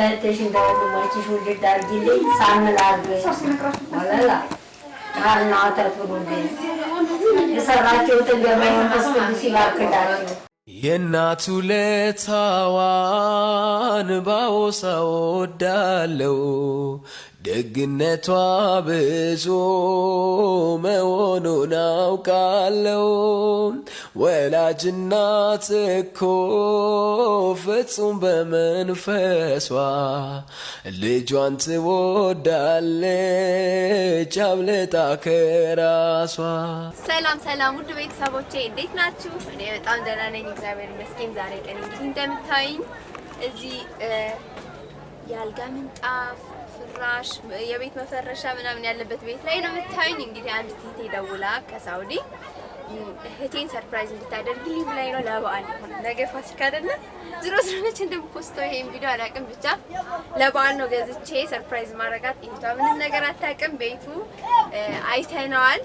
ሁለትሽ እንደ ወንድሞችሽ ውልድ አድርጊልኝ። ሳምል አድርገኝ ካርና ወተት ብሉልኝ። የሰራችሁትን መንፈስ ቅዱስ ይባርክላችሁ። የእናቱ ለታዋን ባወሳ ወዳለው ደግነቷ ብዙ መሆኑን አውቃለው። ወላጅናት እኮ ፍጹም በመንፈሷ ልጇን ትወዳለች አብልጣ ከራሷ። ሰላም ሰላም፣ ውድ ቤተሰቦቼ እንዴት ናችሁ? እኔ በጣም ደህና ነኝ፣ እግዚአብሔር ይመስገን። ዛሬ ቀን እንግዲህ እንደምታይኝ እዚህ የአልጋ ምንጣፍ ፍራሽ፣ የቤት መፈረሻ ምናምን ያለበት ቤት ላይ ነው የምታዩኝ። እንግዲህ አንድ እህቴ ደውላ ከሳውዲ እህቴን ሰርፕራይዝ እንድታደርግልኝ ብላኝ ነው። ለበዓል ሆነ ነገ ፋሲካ አይደለ ዝሮ እንደም ፖስቶ ይሄን ቪዲዮ አላውቅም፣ ብቻ ለበዓል ነው ገዝቼ ሰርፕራይዝ ማድረጋት። እህቷ ምንም ነገር አታውቅም። ቤቱ አይተነዋል።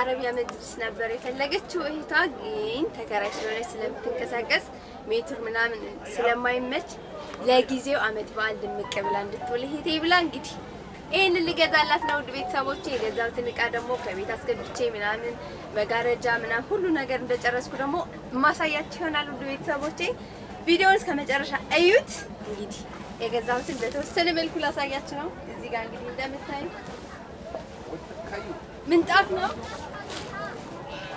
አረቢያ መጅልስ ነበር የፈለገችው እህቷ፣ ግን ተከራይ ስለሆነች ስለምትንቀሳቀስ ሜትር ምናምን ስለማይመች ለጊዜው አመት በዓል ድምቅ ብላ እንድትውል እህቴ ብላ እንግዲህ ይህንን ልገዛላት ነው ውድ ቤተሰቦቼ። የገዛሁትን እቃ ደግሞ ከቤት አስገብቼ ምናምን መጋረጃ ምናምን ሁሉ ነገር እንደጨረስኩ ደግሞ ማሳያችሁ ይሆናል። ውድ ቤተሰቦቼ ቪዲዮውን እስከ መጨረሻ እዩት። እንግዲህ የገዛሁትን በተወሰነ መልኩ ላሳያችሁ ነው። እዚህ ጋር እንግዲህ እንደምታዩ ምንጣፍ ነው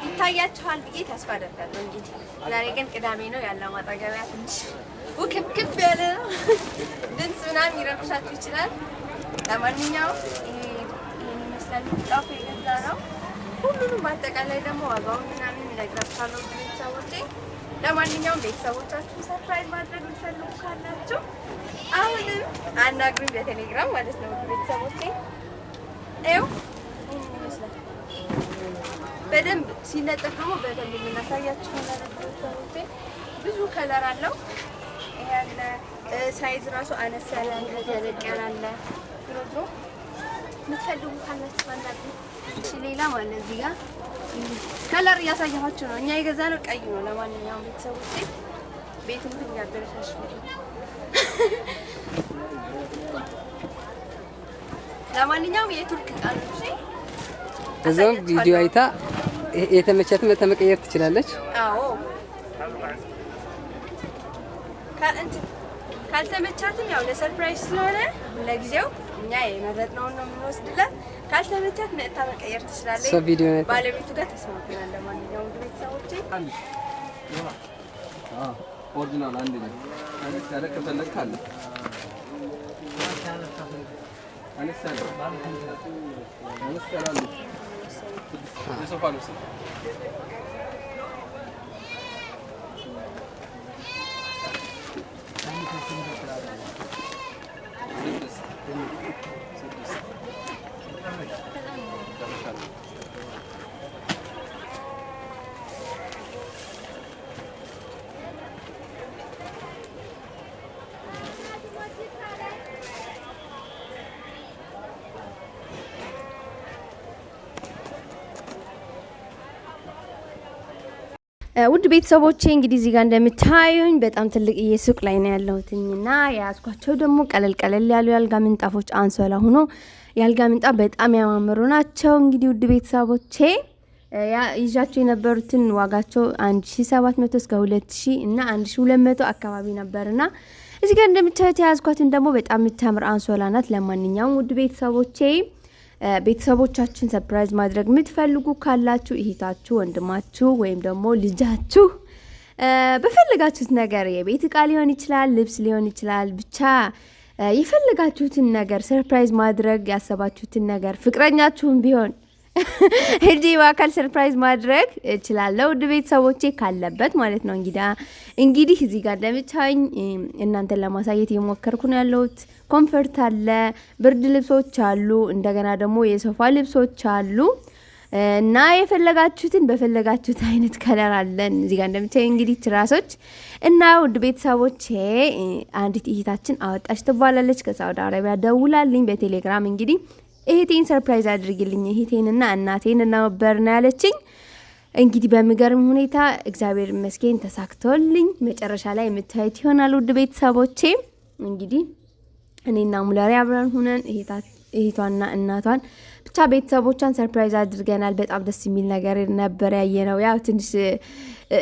ይታያችኋል ብዬ ተስፋ አደርጋለሁ። እንግዲህ ዛሬ ግን ቅዳሜ ነው ያለው ማጠገቢያ ትንሽ ውክብክብ ያለ ድምፅ ምናምን ይረብሻችሁ ይችላል። ለማንኛውም ይህን ሁሉንም አጠቃላይ ደግሞ ዋጋውን ምናምን እነግራችኋለሁ ቤተሰቦቼ። ለማንኛውም አሁንም አናግሩኝ በቴሌግራም ማለት ነው። ቤተሰቦቼ ይኸው ይህን በደንብ ሲለጠፍ ደግሞ በደንብ የምናሳያችሁ ብዙ ከለር አለው። ይሄ አለ። ሳይዝ ራሱ አነስ ያለ ተለቅ ያለ አለ። የምትፈልጉ ካላችሁ ሌላ ማለት እዚህ ጋር ከለር እያሳየኋችሁ ነው። እኛ የገዛነው ነው ቀይ ነው። ለማንኛውም ቤተሰቦቼ ቤትም ግን ለማንኛውም የቱርክ ቃል እሺ፣ እዛው ቪዲዮ አይታ የተመቻትን ለመቀየር ትችላለች። አዎ ካልተመቻትም ያው ለሰርፕራይዝ ስለሆነ ለጊዜው እኛ የመረጥነውን ነው የምንወስድላት። ካልተመቻት መጥታ መቀየር ትችላለች። ባለቤቱ ጋር ተስማምተናል። ለማንኛውም ቤተሰቦቼ ኦሪጂናል አንድ ነው። ያለ ከፈለግ ካለ ውድ ቤተሰቦቼ እንግዲህ እዚህ ጋር እንደምታዩኝ በጣም ትልቅ የሱቅ ላይ ነው እና የያዝኳቸው ደግሞ ቀለል ቀለል ያሉ የአልጋ ምንጣፎች አንሶላ ሆኖ የአልጋ ምንጣፍ በጣም ያማምሩ ናቸው። እንግዲህ ውድ ቤተሰቦቼ ይዣቸው የነበሩትን ዋጋቸው 1700 እስከ 2000 እና 1200 አካባቢ ነበርና እዚህ ጋር እንደምታዩት የያዝኳትን ደግሞ በጣም የምታምር አንሶላ ናት። ለማንኛውም ውድ ቤተሰቦቼ ቤተሰቦቻችን ሰርፕራይዝ ማድረግ የምትፈልጉ ካላችሁ እህታችሁ፣ ወንድማችሁ ወይም ደግሞ ልጃችሁ በፈለጋችሁት ነገር የቤት እቃ ሊሆን ይችላል፣ ልብስ ሊሆን ይችላል፣ ብቻ የፈለጋችሁትን ነገር ሰርፕራይዝ ማድረግ ያሰባችሁትን ነገር ፍቅረኛችሁም ቢሆን ሄጄ በአካል ሰርፕራይዝ ማድረግ እችላለሁ። ውድ ቤተሰቦቼ ካለበት ማለት ነው። እንግዳ እንግዲህ እዚህ ጋር ለብቻኝ እናንተን ለማሳየት እየሞከርኩ ነው ያለሁት። ኮንፈርት አለ፣ ብርድ ልብሶች አሉ፣ እንደገና ደግሞ የሶፋ ልብሶች አሉ እና የፈለጋችሁትን በፈለጋችሁት አይነት ከለር አለን። እዚህ ጋር እንደምታይ እንግዲህ ትራሶች እና ውድ ቤተሰቦቼ አንዲት እህታችን አወጣች ትባላለች። ከሳውዲ አረቢያ ደውላልኝ በቴሌግራም እንግዲህ እህቴን ሰርፕራይዝ አድርግልኝ እህቴንና እናቴን እናበር ነው ያለችኝ። እንግዲህ በሚገርም ሁኔታ እግዚአብሔር ይመስገን ተሳክቶልኝ መጨረሻ ላይ የምታዩት ይሆናል ውድ ቤተሰቦቼ። እንግዲህ እኔና ሙላሪ አብረን ሁነን እህታችን እህቷና እናቷን ብቻ ቤተሰቦቿን ሰርፕራይዝ አድርገናል። በጣም ደስ የሚል ነገር ነበር ያየነው። ያው ትንሽ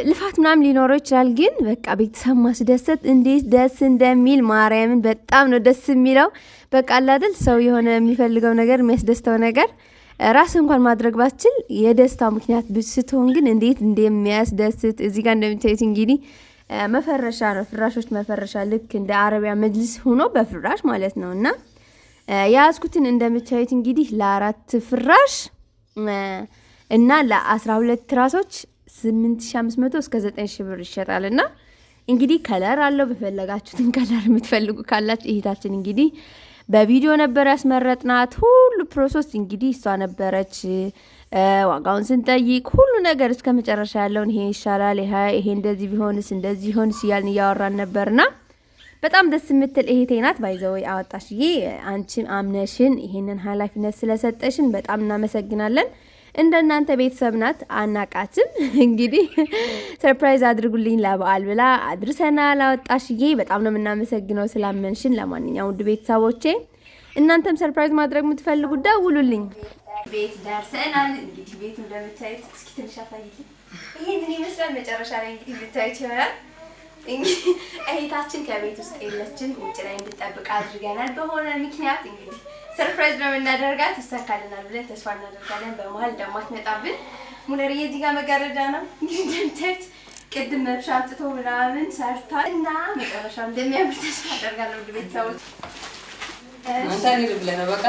ልፋት ምናምን ሊኖረው ይችላል፣ ግን በቃ ቤተሰብ ማስደሰት እንዴት ደስ እንደሚል ማርያምን፣ በጣም ነው ደስ የሚለው። በቃ አላደል ሰው የሆነ የሚፈልገው ነገር የሚያስደስተው ነገር ራስ እንኳን ማድረግ ባስችል የደስታው ምክንያት ስትሆን ግን እንዴት እንደሚያስደስት እዚህ ጋር እንደምታዩት እንግዲህ መፈረሻ ነው፣ ፍራሾች መፈረሻ ልክ እንደ አረቢያ መጅልስ ሆኖ በፍራሽ ማለት ነው እና የያዝኩትን እንደምታዩት እንግዲህ ለአራት ፍራሽ እና ለአስራ ሁለት ትራሶች 8500 እስከ ሺ ብር ይሸጣልና እንግዲህ ከለር አለው። በፈለጋችሁትን ከለር የምትፈልጉ ካላችሁ እህታችን እንግዲህ በቪዲዮ ነበር ያስመረጥናት። ሁሉ ፕሮሰስ እንግዲህ እሷ ነበረች። ዋጋውን ስንጠይቅ ሁሉ ነገር እስከ መጨረሻ ያለውን ይሄ ይሻላል፣ ይሄ እንደዚህ ቢሆንስ እንደዚህ ቢሆንስ እያልን እያወራን ነበርና በጣም ደስ የምትል እህቴ ናት። ባይዘወይ አወጣሽዬ፣ አንቺ አምነሽን ይሄንን ኃላፊነት ስለሰጠሽን በጣም እናመሰግናለን። እንደ እናንተ ቤተሰብ ናት፣ አናቃችን። እንግዲህ ሰርፕራይዝ አድርጉልኝ ለበዓል ብላ አድርሰናል። አወጣሽዬ፣ በጣም ነው የምናመሰግነው ስላመንሽን። ለማንኛውም ውድ ቤተሰቦቼ እናንተም ሰርፕራይዝ ማድረግ የምትፈልጉ ደውሉልኝ። ቤት ደርሰናል። እንግዲህ ቤት እንደምታዩት እስኪ ትንሽ አሳይልኝ። ይህንን ይመስላል። መጨረሻ ላይ እንግዲህ ልታዩት ይሆናል። እህታችን ከቤት ውስጥ የለችን፣ ውጭ ላይ እንድጠብቅ አድርገናል። በሆነ ምክንያት እንግዲህ ሰርፕራይዝ በምናደርጋት ይሳካልናል ብለን ተስፋ እናደርጋለን። በመሀል እንደማትመጣብን ሙለር እዚህ ጋር መጋረጃ ነው እንደምታዩት ቅድም መብሻ አምጥቶ ምናምን ሰርታ እና መጨረሻ እንደሚያምር ተስፋ አደርጋለሁ። ውድ ቤተሰቦች በቃ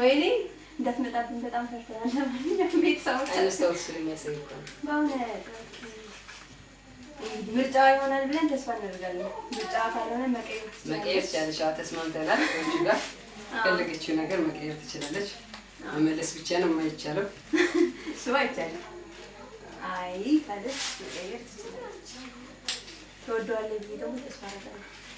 ወይኔ እንዳትመጣብኝ በጣም ፈርተናል። ለማንኛውም ቤተሰቦች ምርጫ ይሆናል ብለን ተስፋ እናደርጋለን። ምርጫ ካልሆነ መቀየር ትችላለች። ተስማምተናል። ጋር ፈለገችው ነገር መቀየር ትችላለች። መመለስ ብቻ ነው የማይቻለው። እሱ አይቻልም። አይ ካለች መቀየር ትችላለች። ተወደዋለች ደግሞ ተስፋ አደርጋለሁ።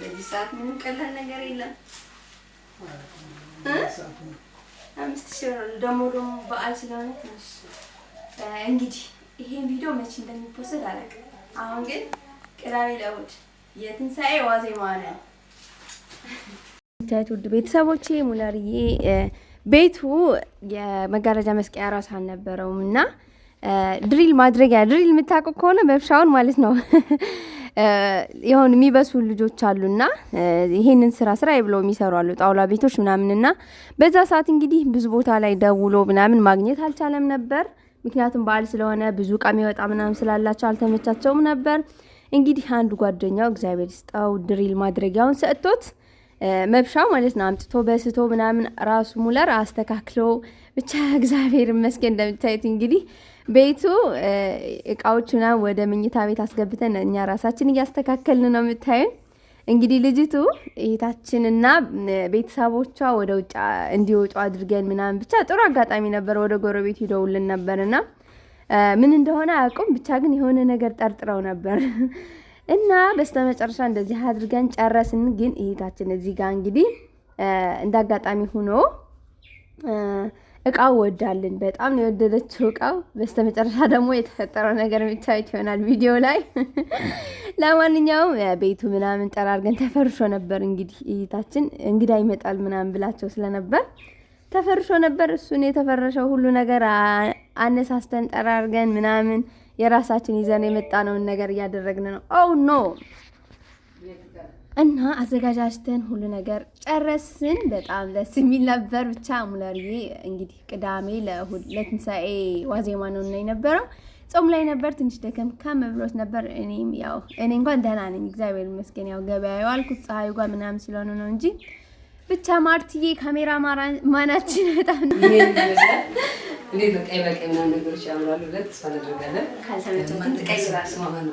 በዚህ ሰዓት ምንም ቀላል ነገር የለም። አምስት ሺህ ብር ደግሞ ደግሞ በዓል ስለሆነ ትንሽ እንግዲህ ይሄን ቪዲዮ መቼ እንደሚፖሰድ አላውቅም። አሁን ግን ቅዳሜ ለእሑድ የትንሣኤ ዋዜማ ነው። ውድ ቤተሰቦቼ ሙላርዬ ቤቱ የመጋረጃ መስቀያ ራሱ አልነበረውም እና ድሪል ማድረጊያ ድሪል የምታውቁ ከሆነ መብሻውን ማለት ነው የሆን የሚበሱ ልጆች አሉና ይሄንን ስራ ስራ ብለው የሚሰሩ አሉ ጣውላ ቤቶች ምናምንና በዛ ሰዓት እንግዲህ ብዙ ቦታ ላይ ደውሎ ምናምን ማግኘት አልቻለም ነበር። ምክንያቱም በዓል ስለሆነ ብዙ እቃ የሚወጣ ምናምን ስላላቸው አልተመቻቸውም ነበር። እንግዲህ አንዱ ጓደኛው እግዚአብሔር ስጠው ድሪል ማድረጊያውን ሰጥቶት መብሻው ማለት ነው አምጥቶ በስቶ ምናምን ራሱ ሙለር አስተካክሎ ብቻ እግዚአብሔር ይመስገን እንደምታዩት እንግዲህ ቤቱ እቃዎቹና ወደ መኝታ ቤት አስገብተን እኛ ራሳችን እያስተካከልን ነው የምታዩን። እንግዲህ ልጅቱ እህታችንና ቤተሰቦቿ ወደ ውጭ እንዲወጡ አድርገን ምናምን ብቻ ጥሩ አጋጣሚ ነበር። ወደ ጎረቤት ይደውልን ነበርና ምን እንደሆነ አያውቁም፣ ብቻ ግን የሆነ ነገር ጠርጥረው ነበር እና በስተመጨረሻ እንደዚህ አድርገን ጨረስን። ግን እህታችን እዚህ ጋር እንግዲህ እንደ አጋጣሚ ሁኖ እቃው ወዳልን በጣም የወደደችው እቃው። በስተመጨረሻ ደግሞ የተፈጠረው ነገር የሚታዩት ይሆናል ቪዲዮ ላይ። ለማንኛውም ቤቱ ምናምን ጠራርገን ተፈርሾ ነበር። እንግዲህ እይታችን እንግዳ ይመጣል ምናምን ብላቸው ስለነበር ተፈርሾ ነበር። እሱን የተፈረሸው ሁሉ ነገር አነሳስተን ጠራርገን ምናምን የራሳችን ይዘን የመጣነውን ነገር እያደረግን ነው። ኦ ኖ እና አዘጋጃጅተን ሁሉ ነገር ጨረስን። በጣም ደስ የሚል ነበር። ብቻ ሙለርዬ እንግዲህ ቅዳሜ ለትንሳኤ ዋዜማ ነው እና የነበረው ጾም ላይ ነበር። ትንሽ ደከም ከምብሎት ነበር። እኔም ያው እኔ እንኳን ደህና ነኝ እግዚአብሔር ይመስገን። ያው ገበያ የዋልኩት ፀሐዩ ጋር ምናምን ስለሆነ ነው እንጂ ብቻ ማርትዬ ካሜራ ማናችን በጣም በቀይ በቀይ ነገሮች ያምራሉ ስራ ነው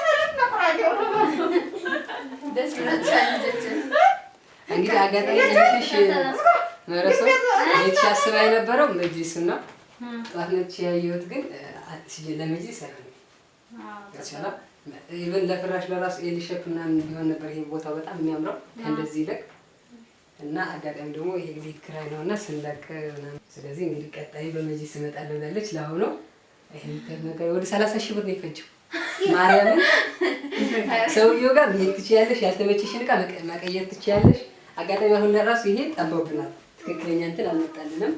እንግዲህ አጋጣሚ መረሰው አስባ የነበረው መጅሊስ እና ጠዋት ነች ያየሁት። ግን አትችይ ለመጅሊስ ኢቨን ለፍራሽ ለራሱ ኤሊሸፕ ምናምን ቢሆን ነበር። ይሄ ቦታ በጣም የሚያምረው ከእንደዚህ ይለቅ እና አጋጣሚ ደግሞ ይሄ ቤት ኪራይ ነው እና ስንለቅ ስለዚህ እንግዲህ ቀጣይ በመጅሊስ እመጣለሁ ብላለች። ለአሁኑ ይሄ ወደ ሰላሳ ሺህ ብር ነው የፈጀው። ማርያምን ሰውየው ጋር መሄድ ትችያለሽ። ያልተመቸሽን እቃ መቀየር ትችያለሽ። አጋጣሚ አሁን ለራሱ ይሄ ጠበብናል። ትክክለኛ እንትን አልመጣልንም።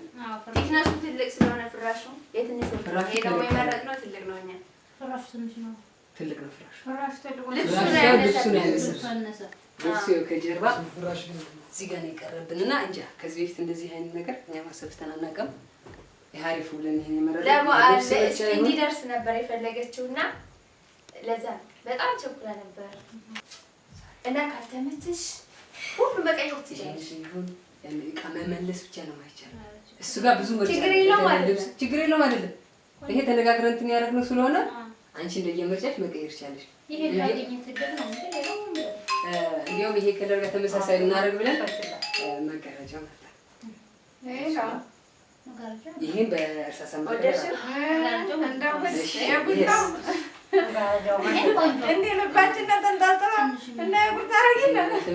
ቴክነሱ ትልቅ ስለሆነ ፍራሹ የትንሹ ፍራሹ የመረጥነው ትልቅ ነው። እኛ ፍራሹ ትንሽ ነው። ከጀርባ እዚህ ጋር ነው የቀረብን እና እንጃ ከዚህ በፊት እንደዚህ አይነት ነገር እኛ ማሰብተን አናውቅም። ብለን ይሄን የመረጥነው እንዲደርስ ነበር የፈለገችውና ለዛ በጣም ቸኩላ ነበር እና ካልተመችሽ ሁሉ በቀኝ ወቅት ይችላል። መመለስ ብቻ ነው ማይቻል። እሱ ጋር ብዙ ችግር የለውም አይደለም። ይሄ ተነጋግረን እንትን ያደረግነው ስለሆነ አንቺ እንደየምርጫሽ መቀየር ይቻለሽ። እንዲሁም ይሄ ከለር ጋር ተመሳሳይ እናደርግ ብለን መጋረጃ ይህም በእርሳሳ እንደ ልባችን ተንጠልጥላ እና የቁርጥ አደረግን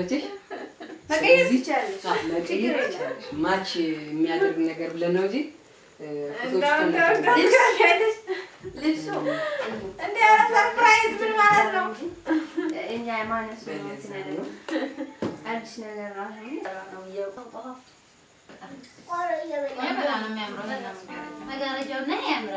መቀየስ ማች የሚያደርግ ነገር ብለን ነው እንጂ እንደ ኧረ ሰርፕራይዝ ምን ማለት ነው? እኛ የማነሱ ነገር ነው።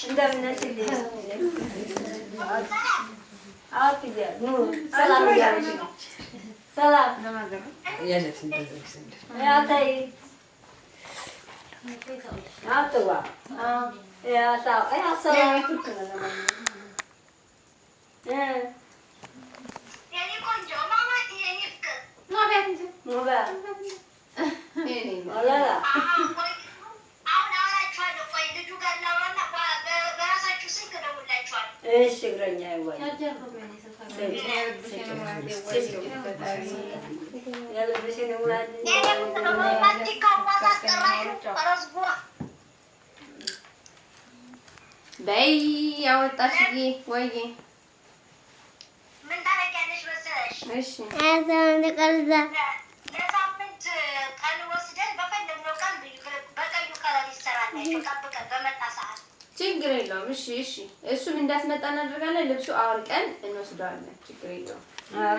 Şimdiden ne söyleyeceksin? Al Nur. Selam gelsin. Selam. Yerlesin dedim Ya tayi. Ne yaptı Ya sağ Ya sağ ol. He. Yani koncu mama yeni kız. Ne yapıyorsun? Ne yapıyorsun? Ne በይ ያወጣሽ ወይ ምን ታደርጊያለሽ መሰለሽ? እሺ ለሳምንት ቀን ወስደን በፈለግነው ቀን በቀዩ ከለር ይሰራል። ተቀብቀን በመጣ ችግር የለውም። እሺ እሺ፣ እሱም እንዳስመጣ እናደርጋለን። ልብሱ አውልቀን እንወስደዋለን። ችግር የለውም። እኛም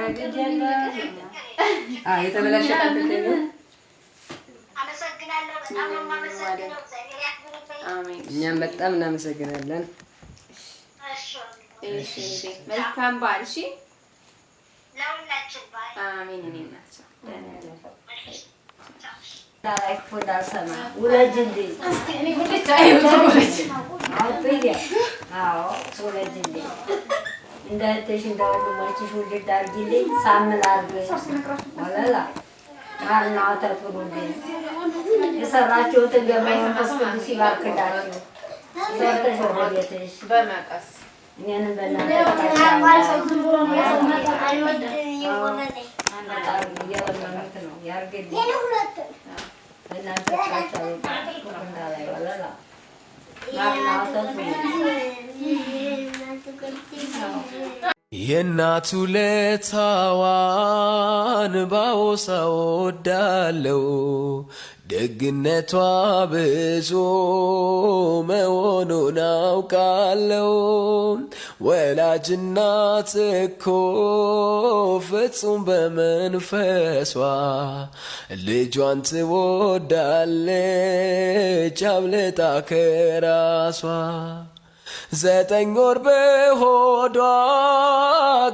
በጣም እናመሰግናለን። መልካም በዓል። እሺ፣ አሜን። እኔ ናቸው እኔንም የእናቱ ለታዋን ባወሳ ወዳለው ደግነቷ ብዙ መሆኑን አውቃለው። ወላጅና እኮ ፍጹም በመንፈሷ ልጇን ትወዳለች አብልጣ ከራሷ ዘጠኝ ወር በሆዷ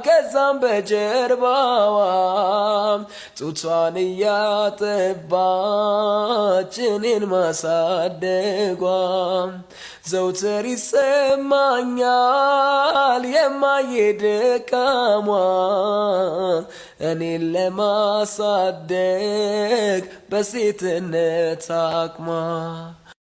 ከዛም በጀርባዋ ጡቷን እያጠባች እኔን ማሳደጓ ዘውትር ይሰማኛል የማዬ ድካሟ እኔን ለማሳደግ በሴትነት አቅሟ